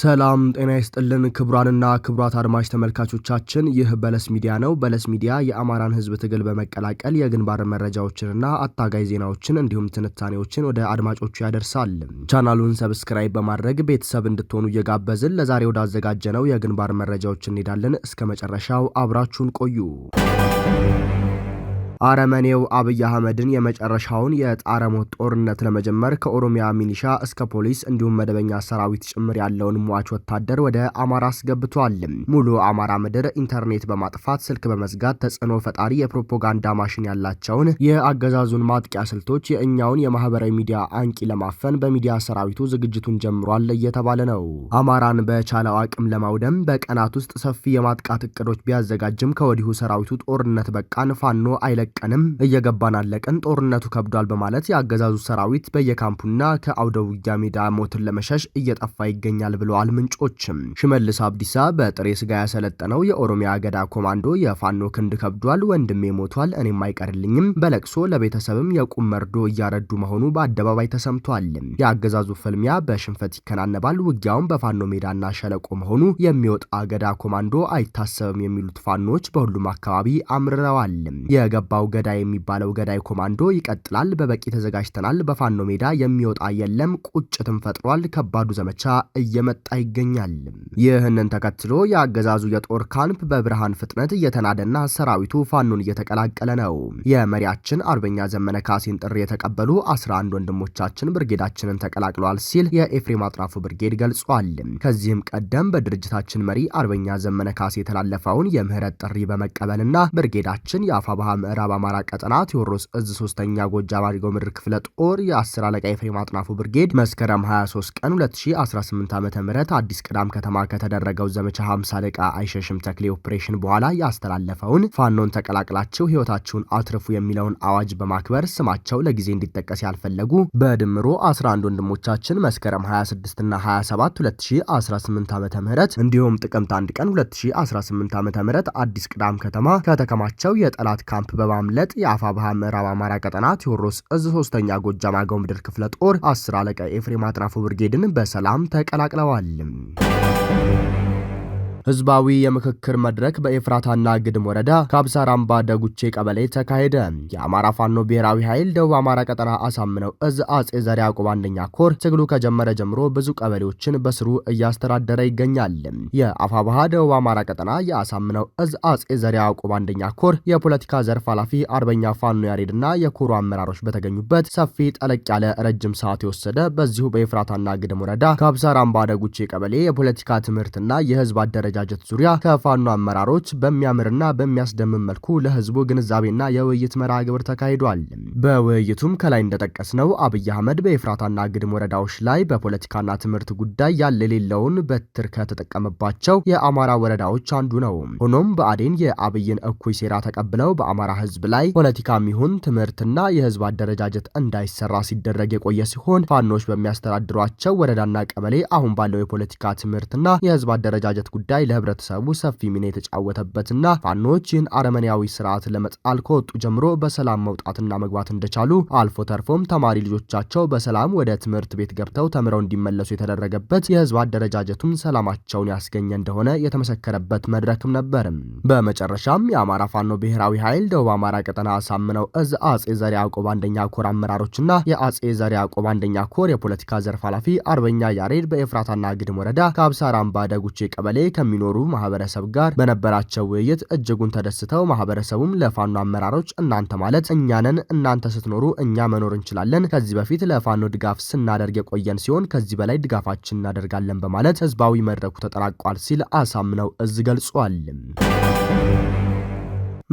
ሰላም ጤና ይስጥልን ክቡራንና ክቡራት አድማጭ ተመልካቾቻችን፣ ይህ በለስ ሚዲያ ነው። በለስ ሚዲያ የአማራን ሕዝብ ትግል በመቀላቀል የግንባር መረጃዎችንና አታጋይ ዜናዎችን እንዲሁም ትንታኔዎችን ወደ አድማጮቹ ያደርሳል። ቻናሉን ሰብስክራይብ በማድረግ ቤተሰብ እንድትሆኑ እየጋበዝን ለዛሬ ወዳዘጋጀነው የግንባር መረጃዎች እንሄዳለን። እስከ መጨረሻው አብራችሁን ቆዩ። አረመኔው አብይ አህመድን የመጨረሻውን የጣረሞት ጦርነት ለመጀመር ከኦሮሚያ ሚሊሻ እስከ ፖሊስ እንዲሁም መደበኛ ሰራዊት ጭምር ያለውን ሟች ወታደር ወደ አማራ አስገብቷል። ሙሉ አማራ ምድር ኢንተርኔት በማጥፋት ስልክ በመዝጋት ተጽዕኖ ፈጣሪ የፕሮፓጋንዳ ማሽን ያላቸውን የአገዛዙን ማጥቂያ ስልቶች የእኛውን የማህበራዊ ሚዲያ አንቂ ለማፈን በሚዲያ ሰራዊቱ ዝግጅቱን ጀምሯል እየተባለ ነው። አማራን በቻለው አቅም ለማውደም በቀናት ውስጥ ሰፊ የማጥቃት እቅዶች ቢያዘጋጅም ከወዲሁ ሰራዊቱ ጦርነት በቃን ፋኖ አይለ ለቀንም እየገባን አለቀን ጦርነቱ ከብዷል በማለት የአገዛዙ ሰራዊት በየካምፑና ከአውደ ውጊያ ሜዳ ሞትን ለመሸሽ እየጠፋ ይገኛል ብለዋል ምንጮችም። ሽመልስ አብዲሳ በጥሬ ስጋ ያሰለጠነው የኦሮሚያ አገዳ ኮማንዶ የፋኖ ክንድ ከብዷል፣ ወንድሜ ሞቷል፣ እኔም አይቀርልኝም፣ በለቅሶ ለቤተሰብም የቁም መርዶ እያረዱ መሆኑ በአደባባይ ተሰምቷል። የአገዛዙ ፍልሚያ በሽንፈት ይከናነባል፣ ውጊያውም በፋኖ ሜዳና ሸለቆ መሆኑ የሚወጣ አገዳ ኮማንዶ አይታሰብም የሚሉት ፋኖች በሁሉም አካባቢ አምርረዋል። የገባ የገባው ገዳይ የሚባለው ገዳይ ኮማንዶ ይቀጥላል። በበቂ ተዘጋጅተናል። በፋኖ ሜዳ የሚወጣ የለም። ቁጭትም ፈጥሯል። ከባዱ ዘመቻ እየመጣ ይገኛል። ይህንን ተከትሎ የአገዛዙ የጦር ካምፕ በብርሃን ፍጥነት እየተናደና ሰራዊቱ ፋኖን እየተቀላቀለ ነው። የመሪያችን አርበኛ ዘመነ ካሴን ጥሪ የተቀበሉ 11 ወንድሞቻችን ብርጌዳችንን ተቀላቅሏል ሲል የኤፍሬም አጥራፉ ብርጌድ ገልጿል። ከዚህም ቀደም በድርጅታችን መሪ አርበኛ ዘመነ ካሴ የተላለፈውን የምህረት ጥሪ በመቀበልና ብርጌዳችን ባህ ምዕራብ ምዕራብ አማራ ቀጠና ቴዎድሮስ እዝ ሶስተኛ ጎጃም አገው ምድር ክፍለ ጦር የአስር አለቃ የፍሬ አጥናፉ ብርጌድ መስከረም 23 ቀን 2018 ዓ ም አዲስ ቅዳም ከተማ ከተደረገው ዘመቻ 50 አለቃ አይሸሽም ተክሌ ኦፕሬሽን በኋላ ያስተላለፈውን ፋኖን ተቀላቅላችሁ ህይወታችሁን አትርፉ የሚለውን አዋጅ በማክበር ስማቸው ለጊዜ እንዲጠቀስ ያልፈለጉ በድምሮ 11 ወንድሞቻችን መስከረም 26 እና 27 2018 ዓ ም እንዲሁም ጥቅምት 1 ቀን 2018 ዓ ም አዲስ ቅዳም ከተማ ከተከማቸው የጠላት ካምፕ በማ በማምለጥ የአፋብሃ ምዕራብ አማራ ቀጠና ቴዎድሮስ እዝ ሶስተኛ ጎጃም አገው ምድር ክፍለ ጦር አስር አለቃ ኤፍሬም አጥናፉ ብርጌድን በሰላም ተቀላቅለዋል። ህዝባዊ የምክክር መድረክ በኤፍራታና ግድም ወረዳ ከአብሳር አምባ ደጉቼ ቀበሌ ተካሄደ። የአማራ ፋኖ ብሔራዊ ኃይል ደቡብ አማራ ቀጠና አሳምነው እዝ አጼ ዘርዓ ያዕቆብ አንደኛ ኮር ትግሉ ከጀመረ ጀምሮ ብዙ ቀበሌዎችን በስሩ እያስተዳደረ ይገኛል። የአፋባሃ ደቡብ አማራ ቀጠና የአሳምነው እዝ አጼ ዘርዓ ያዕቆብ አንደኛ ኮር የፖለቲካ ዘርፍ ኃላፊ አርበኛ ፋኖ ያሬድና የኮሩ አመራሮች በተገኙበት ሰፊ ጠለቅ ያለ ረጅም ሰዓት የወሰደ በዚሁ በኤፍራታና ግድም ወረዳ ከአብሳር አምባ ደጉቼ ቀበሌ የፖለቲካ ትምህርትና የህዝብ አደረጃ አደረጃጀት ዙሪያ ከፋኖ አመራሮች በሚያምርና በሚያስደምም መልኩ ለህዝቡ ግንዛቤና የውይይት መርሃ ግብር ተካሂዷል። በውይይቱም ከላይ እንደጠቀስነው አብይ አህመድ በኤፍራታና ግድም ወረዳዎች ላይ በፖለቲካና ትምህርት ጉዳይ ያለ የሌለውን በትር ከተጠቀመባቸው የአማራ ወረዳዎች አንዱ ነው። ሆኖም በአዴን የአብይን እኩይ ሴራ ተቀብለው በአማራ ህዝብ ላይ ፖለቲካም ይሁን ትምህርትና የህዝብ አደረጃጀት እንዳይሰራ ሲደረግ የቆየ ሲሆን ፋኖች በሚያስተዳድሯቸው ወረዳና ቀበሌ አሁን ባለው የፖለቲካ ትምህርትና የህዝብ አደረጃጀት ጉዳይ ለህብረተሰቡ ሰፊ ሚና የተጫወተበትና ፋኖች ይህን አረመኔያዊ ስርዓት ለመጣል ከወጡ ጀምሮ በሰላም መውጣትና መግባት እንደቻሉ አልፎ ተርፎም ተማሪ ልጆቻቸው በሰላም ወደ ትምህርት ቤት ገብተው ተምረው እንዲመለሱ የተደረገበት የህዝብ አደረጃጀቱም ሰላማቸውን ያስገኘ እንደሆነ የተመሰከረበት መድረክም ነበር። በመጨረሻም የአማራ ፋኖ ብሔራዊ ኃይል ደቡብ አማራ ቀጠና አሳምነው እዝ አጼ ዘር ያዕቆብ አንደኛ ኮር አመራሮችና የአጼ ዘር ያዕቆብ አንደኛ ኮር የፖለቲካ ዘርፍ ኃላፊ አርበኛ ያሬድ በኤፍራታና ግድም ወረዳ ከአብሳር አምባ ደጉቼ ቀበሌ ከሚኖሩ ማህበረሰብ ጋር በነበራቸው ውይይት እጅጉን ተደስተው ማህበረሰቡም ለፋኖ አመራሮች እናንተ ማለት እኛንን እናንተ ስትኖሩ እኛ መኖር እንችላለን። ከዚህ በፊት ለፋኖ ድጋፍ ስናደርግ የቆየን ሲሆን ከዚህ በላይ ድጋፋችን እናደርጋለን በማለት ህዝባዊ መድረኩ ተጠናቋል ሲል አሳምነው እዝ ገልጿል።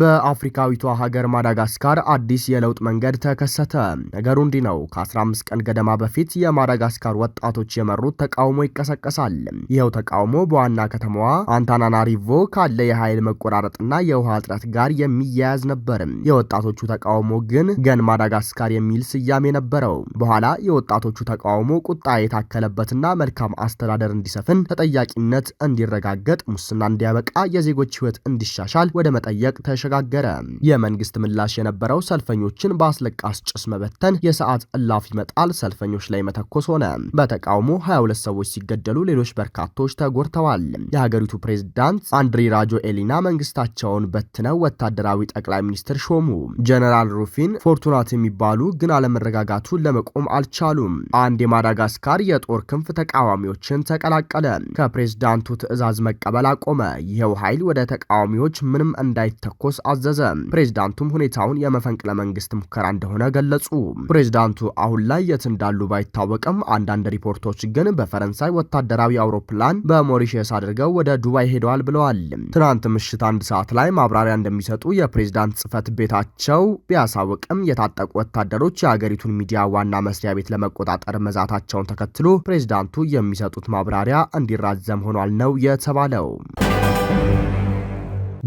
በአፍሪካዊቷ ሀገር ማዳጋስካር አዲስ የለውጥ መንገድ ተከሰተ። ነገሩ እንዲህ ነው። ከ15 ቀን ገደማ በፊት የማዳጋስካር ወጣቶች የመሩት ተቃውሞ ይቀሰቀሳል። ይኸው ተቃውሞ በዋና ከተማዋ አንታናናሪቮ ካለ የኃይል መቆራረጥና የውሃ እጥረት ጋር የሚያያዝ ነበር። የወጣቶቹ ተቃውሞ ግን ገን ማዳጋስካር የሚል ስያሜ ነበረው። በኋላ የወጣቶቹ ተቃውሞ ቁጣ የታከለበትና መልካም አስተዳደር እንዲሰፍን፣ ተጠያቂነት እንዲረጋገጥ፣ ሙስና እንዲያበቃ፣ የዜጎች ህይወት እንዲሻሻል ወደ መጠየቅ ተሸጋገረ። የመንግስት ምላሽ የነበረው ሰልፈኞችን በአስለቃስ ጭስ መበተን፣ የሰዓት እላፊ ይመጣል፣ ሰልፈኞች ላይ መተኮስ ሆነ። በተቃውሞ 22 ሰዎች ሲገደሉ ሌሎች በርካቶች ተጎድተዋል። የሀገሪቱ ፕሬዝዳንት አንድሪ ራጆ ኤሊና መንግስታቸውን በትነው ወታደራዊ ጠቅላይ ሚኒስትር ሾሙ። ጀነራል ሩፊን ፎርቱናት የሚባሉ ግን አለመረጋጋቱን ለመቆም አልቻሉም። አንድ የማዳጋስካር የጦር ክንፍ ተቃዋሚዎችን ተቀላቀለ። ከፕሬዝዳንቱ ትዕዛዝ መቀበል አቆመ። ይኸው ኃይል ወደ ተቃዋሚዎች ምንም እንዳይተኮስ እንዲተኮስ አዘዘ። ፕሬዚዳንቱም ሁኔታውን የመፈንቅለ መንግስት ሙከራ እንደሆነ ገለጹ። ፕሬዚዳንቱ አሁን ላይ የት እንዳሉ ባይታወቅም አንዳንድ ሪፖርቶች ግን በፈረንሳይ ወታደራዊ አውሮፕላን በሞሪሽስ አድርገው ወደ ዱባይ ሄደዋል ብለዋል። ትናንት ምሽት አንድ ሰዓት ላይ ማብራሪያ እንደሚሰጡ የፕሬዝዳንት ጽህፈት ቤታቸው ቢያሳውቅም የታጠቁ ወታደሮች የአገሪቱን ሚዲያ ዋና መስሪያ ቤት ለመቆጣጠር መዛታቸውን ተከትሎ ፕሬዝዳንቱ የሚሰጡት ማብራሪያ እንዲራዘም ሆኗል ነው የተባለው።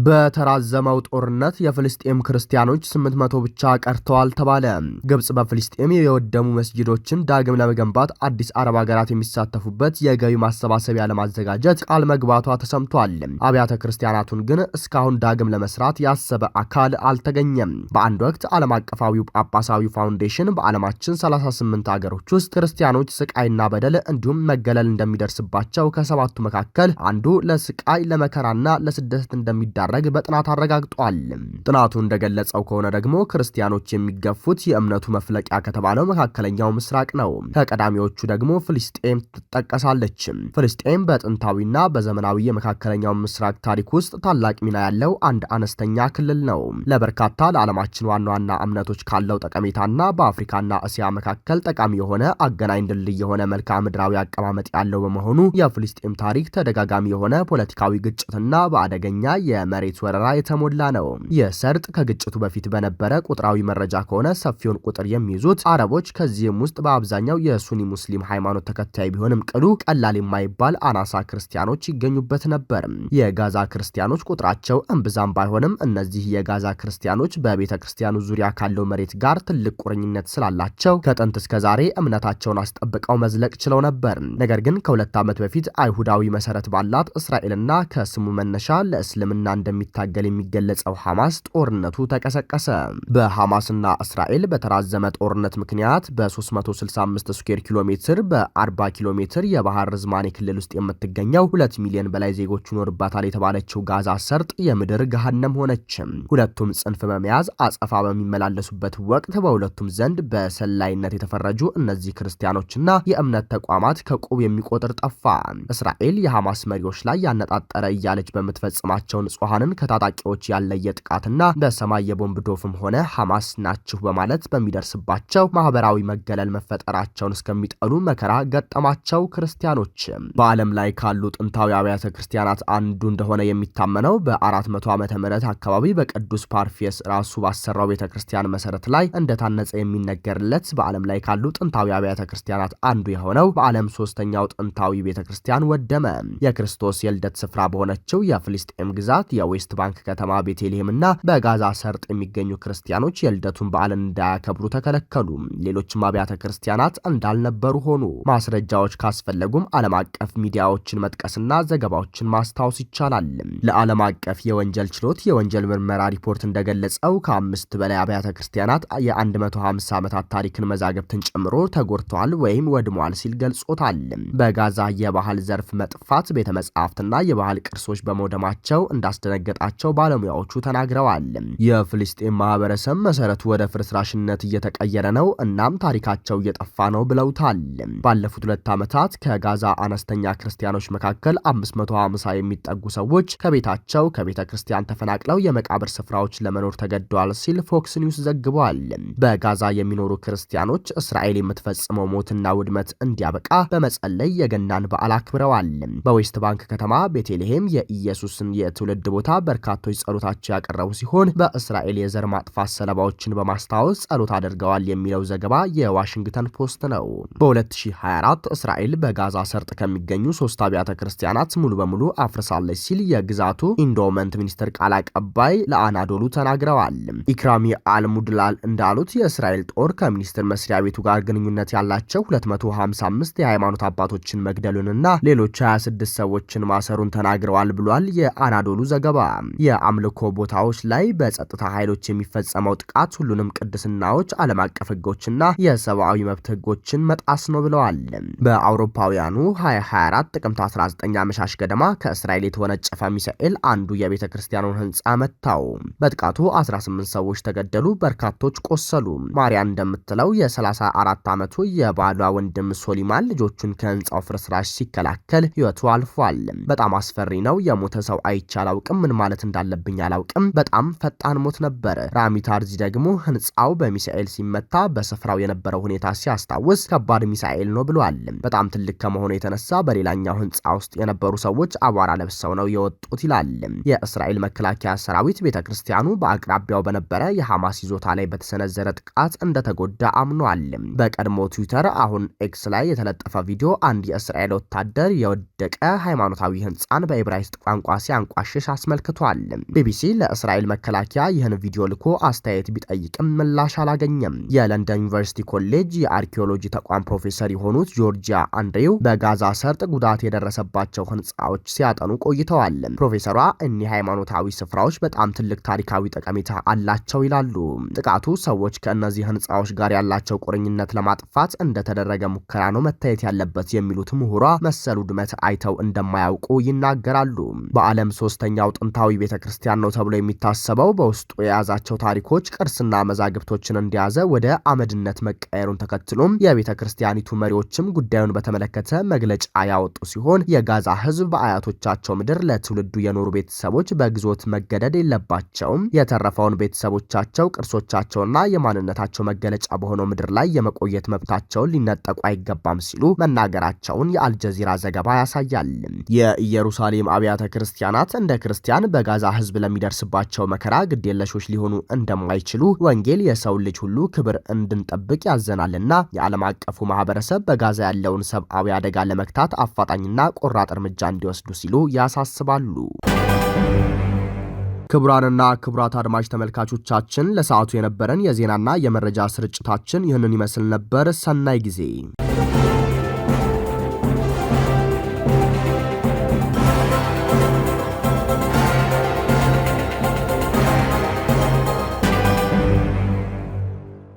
በተራዘመው ጦርነት የፍልስጤም ክርስቲያኖች 800 ብቻ ቀርተዋል ተባለ። ግብጽ በፍልስጤም የወደሙ መስጊዶችን ዳግም ለመገንባት አዲስ አረብ ሀገራት የሚሳተፉበት የገቢ ማሰባሰቢያ ለማዘጋጀት ቃል መግባቷ ተሰምቷል። አብያተ ክርስቲያናቱን ግን እስካሁን ዳግም ለመስራት ያሰበ አካል አልተገኘም። በአንድ ወቅት ዓለም አቀፋዊው ጳጳሳዊ ፋውንዴሽን በዓለማችን 38 ሀገሮች ውስጥ ክርስቲያኖች ስቃይና በደል እንዲሁም መገለል እንደሚደርስባቸው ከሰባቱ መካከል አንዱ ለስቃይ ለመከራና ለስደት እንደሚዳ እንደሚዳረግ በጥናት አረጋግጧል። ጥናቱ እንደገለጸው ከሆነ ደግሞ ክርስቲያኖች የሚገፉት የእምነቱ መፍለቂያ ከተባለው መካከለኛው ምስራቅ ነው። ከቀዳሚዎቹ ደግሞ ፍልስጤም ትጠቀሳለች። ፍልስጤም በጥንታዊና በዘመናዊ የመካከለኛው ምስራቅ ታሪክ ውስጥ ታላቅ ሚና ያለው አንድ አነስተኛ ክልል ነው። ለበርካታ ለዓለማችን ዋና ዋና እምነቶች ካለው ጠቀሜታና በአፍሪካና እስያ መካከል ጠቃሚ የሆነ አገናኝ ድልድይ የሆነ መልክዓ ምድራዊ አቀማመጥ ያለው በመሆኑ የፍልስጤም ታሪክ ተደጋጋሚ የሆነ ፖለቲካዊ ግጭትና በአደገኛ መሬት ወረራ የተሞላ ነው። የሰርጥ ከግጭቱ በፊት በነበረ ቁጥራዊ መረጃ ከሆነ ሰፊውን ቁጥር የሚይዙት አረቦች ከዚህም ውስጥ በአብዛኛው የሱኒ ሙስሊም ሃይማኖት ተከታይ ቢሆንም ቅሉ ቀላል የማይባል አናሳ ክርስቲያኖች ይገኙበት ነበር። የጋዛ ክርስቲያኖች ቁጥራቸው እምብዛም ባይሆንም እነዚህ የጋዛ ክርስቲያኖች በቤተ ክርስቲያኑ ዙሪያ ካለው መሬት ጋር ትልቅ ቁርኝነት ስላላቸው ከጥንት እስከ ዛሬ እምነታቸውን አስጠብቀው መዝለቅ ችለው ነበር። ነገር ግን ከሁለት ዓመት በፊት አይሁዳዊ መሰረት ባላት እስራኤልና ከስሙ መነሻ ለእስልምና እንደሚታገል የሚገለጸው ሐማስ ጦርነቱ ተቀሰቀሰ። በሐማስና እስራኤል በተራዘመ ጦርነት ምክንያት በ365 ስኩዌር ኪሎ ሜትር በ40 ኪሎ ሜትር የባህር ርዝማኔ ክልል ውስጥ የምትገኘው 2 ሚሊዮን በላይ ዜጎች ይኖርባታል የተባለችው ጋዛ ሰርጥ የምድር ገሃነም ሆነች። ሁለቱም ጽንፍ በመያዝ አጸፋ በሚመላለሱበት ወቅት በሁለቱም ዘንድ በሰላይነት የተፈረጁ እነዚህ ክርስቲያኖችና የእምነት ተቋማት ከቁብ የሚቆጥር ጠፋ። እስራኤል የሐማስ መሪዎች ላይ ያነጣጠረ እያለች በምትፈጽማቸው ንጹሐ ብርሃንን ከታጣቂዎች ያለየ ጥቃትና በሰማይ የቦምብ ዶፍም ሆነ ሐማስ ናችሁ በማለት በሚደርስባቸው ማህበራዊ መገለል መፈጠራቸውን እስከሚጠሉ መከራ ገጠማቸው። ክርስቲያኖችም በዓለም ላይ ካሉ ጥንታዊ አብያተ ክርስቲያናት አንዱ እንደሆነ የሚታመነው በ400 ዓመተ ምህረት አካባቢ በቅዱስ ፓርፌስ ራሱ ባሰራው ቤተ ክርስቲያን መሰረት ላይ እንደታነጸ የሚነገርለት በዓለም ላይ ካሉ ጥንታዊ አብያተ ክርስቲያናት አንዱ የሆነው በዓለም ሶስተኛው ጥንታዊ ቤተ ክርስቲያን ወደመ። የክርስቶስ የልደት ስፍራ በሆነችው የፍልስጤም ግዛት የዌስት ባንክ ከተማ ቤቴልሔምና በጋዛ ሰርጥ የሚገኙ ክርስቲያኖች የልደቱን በዓል እንዳያከብሩ ተከለከሉ። ሌሎችም አብያተ ክርስቲያናት እንዳልነበሩ ሆኑ። ማስረጃዎች ካስፈለጉም ዓለም አቀፍ ሚዲያዎችን መጥቀስና ዘገባዎችን ማስታወስ ይቻላል። ለዓለም አቀፍ የወንጀል ችሎት የወንጀል ምርመራ ሪፖርት እንደገለጸው ከአምስት በላይ አብያተ ክርስቲያናት የ150 ዓመታት ታሪክን መዛገብትን ጨምሮ ተጎድተዋል ወይም ወድመዋል ሲል ገልጾታል። በጋዛ የባህል ዘርፍ መጥፋት ቤተ መጻሕፍትና የባህል ቅርሶች በመውደማቸው እንዳስደ እንዳስደነገጣቸው ባለሙያዎቹ ተናግረዋል። የፍልስጤም ማህበረሰብ መሰረቱ ወደ ፍርስራሽነት እየተቀየረ ነው፣ እናም ታሪካቸው እየጠፋ ነው ብለውታል። ባለፉት ሁለት ዓመታት ከጋዛ አነስተኛ ክርስቲያኖች መካከል 550 የሚጠጉ ሰዎች ከቤታቸው ከቤተ ክርስቲያን ተፈናቅለው የመቃብር ስፍራዎች ለመኖር ተገደዋል ሲል ፎክስ ኒውስ ዘግቧል። በጋዛ የሚኖሩ ክርስቲያኖች እስራኤል የምትፈጽመው ሞትና ውድመት እንዲያበቃ በመጸለይ የገናን በዓል አክብረዋል። በዌስት ባንክ ከተማ ቤቴልሄም የኢየሱስን የትውልድ ቦታ ቦታ በርካቶች ጸሎታቸው ያቀረቡ ሲሆን በእስራኤል የዘር ማጥፋት ሰለባዎችን በማስታወስ ጸሎት አድርገዋል የሚለው ዘገባ የዋሽንግተን ፖስት ነው። በ2024 እስራኤል በጋዛ ሰርጥ ከሚገኙ ሶስት አብያተ ክርስቲያናት ሙሉ በሙሉ አፍርሳለች ሲል የግዛቱ ኢንዶመንት ሚኒስትር ቃል አቀባይ ለአናዶሉ ተናግረዋል። ኢክራሚ አልሙድላል እንዳሉት የእስራኤል ጦር ከሚኒስትር መስሪያ ቤቱ ጋር ግንኙነት ያላቸው 255 የሃይማኖት አባቶችን መግደሉንና ሌሎች 26 ሰዎችን ማሰሩን ተናግረዋል ብሏል የአናዶሉ ዘገባ ዘገባ የአምልኮ ቦታዎች ላይ በጸጥታ ኃይሎች የሚፈጸመው ጥቃት ሁሉንም ቅድስናዎች፣ ዓለም አቀፍ ህጎችና የሰብአዊ መብት ህጎችን መጣስ ነው ብለዋል። በአውሮፓውያኑ 2024 ጥቅምት 19 አመሻሽ ገደማ ከእስራኤል የተወነጨፈ ሚሳኤል አንዱ የቤተ ክርስቲያኑን ህንፃ መታው። በጥቃቱ 18 ሰዎች ተገደሉ፣ በርካቶች ቆሰሉ። ማሪያ እንደምትለው የ34 ዓመቱ የባሏ ወንድም ሶሊማን ልጆቹን ከህንፃው ፍርስራሽ ሲከላከል ህይወቱ አልፏል። በጣም አስፈሪ ነው። የሞተ ሰው አይቻል አውቅም አላውቅም፣ ምን ማለት እንዳለብኝ አላውቅም። በጣም ፈጣን ሞት ነበር። ራሚ ታርዚ ደግሞ ህንፃው በሚሳኤል ሲመታ በስፍራው የነበረው ሁኔታ ሲያስታውስ ከባድ ሚሳኤል ነው ብሏል። በጣም ትልቅ ከመሆኑ የተነሳ በሌላኛው ህንፃ ውስጥ የነበሩ ሰዎች አቧራ ለብሰው ነው የወጡት ይላል። የእስራኤል መከላከያ ሰራዊት ቤተ ክርስቲያኑ በአቅራቢያው በነበረ የሐማስ ይዞታ ላይ በተሰነዘረ ጥቃት እንደተጎዳ አምኗል። በቀድሞ ትዊተር አሁን ኤክስ ላይ የተለጠፈ ቪዲዮ አንድ የእስራኤል ወታደር የወደቀ ሃይማኖታዊ ህንፃን በኤብራይስጥ ቋንቋ ሲያንቋሽሽ አስመልክቷል። ቢቢሲ ለእስራኤል መከላከያ ይህን ቪዲዮ ልኮ አስተያየት ቢጠይቅም ምላሽ አላገኘም። የለንደን ዩኒቨርሲቲ ኮሌጅ የአርኪኦሎጂ ተቋም ፕሮፌሰር የሆኑት ጆርጂያ አንድሬው በጋዛ ሰርጥ ጉዳት የደረሰባቸው ህንፃዎች ሲያጠኑ ቆይተዋል። ፕሮፌሰሯ እኒህ ሃይማኖታዊ ስፍራዎች በጣም ትልቅ ታሪካዊ ጠቀሜታ አላቸው ይላሉ። ጥቃቱ ሰዎች ከእነዚህ ህንፃዎች ጋር ያላቸው ቁርኝነት ለማጥፋት እንደተደረገ ሙከራ ነው መታየት ያለበት የሚሉት ምሁሯ መሰሉ ድመት አይተው እንደማያውቁ ይናገራሉ። በዓለም ሶስተኛው ዋነኛው ጥንታዊ ቤተ ክርስቲያን ነው ተብሎ የሚታሰበው በውስጡ የያዛቸው ታሪኮች፣ ቅርስና መዛግብቶችን እንደያዘ ወደ አመድነት መቀየሩን ተከትሎም የቤተ ክርስቲያኒቱ መሪዎችም ጉዳዩን በተመለከተ መግለጫ ያወጡ ሲሆን የጋዛ ህዝብ በአያቶቻቸው ምድር ለትውልዱ የኖሩ ቤተሰቦች በግዞት መገደድ የለባቸውም፣ የተረፈውን ቤተሰቦቻቸው ቅርሶቻቸውና የማንነታቸው መገለጫ በሆነው ምድር ላይ የመቆየት መብታቸውን ሊነጠቁ አይገባም ሲሉ መናገራቸውን የአልጀዚራ ዘገባ ያሳያል። የኢየሩሳሌም አብያተ ክርስቲያናት እንደ ክርስ ክርስቲያን በጋዛ ህዝብ ለሚደርስባቸው መከራ ግዴለሾች ሊሆኑ እንደማይችሉ ወንጌል የሰውን ልጅ ሁሉ ክብር እንድንጠብቅ ያዘናልና የዓለም አቀፉ ማህበረሰብ በጋዛ ያለውን ሰብአዊ አደጋ ለመግታት አፋጣኝና ቆራጥ እርምጃ እንዲወስዱ ሲሉ ያሳስባሉ። ክቡራንና ክቡራት አድማጭ ተመልካቾቻችን ለሰዓቱ የነበረን የዜናና የመረጃ ስርጭታችን ይህንን ይመስል ነበር። ሰናይ ጊዜ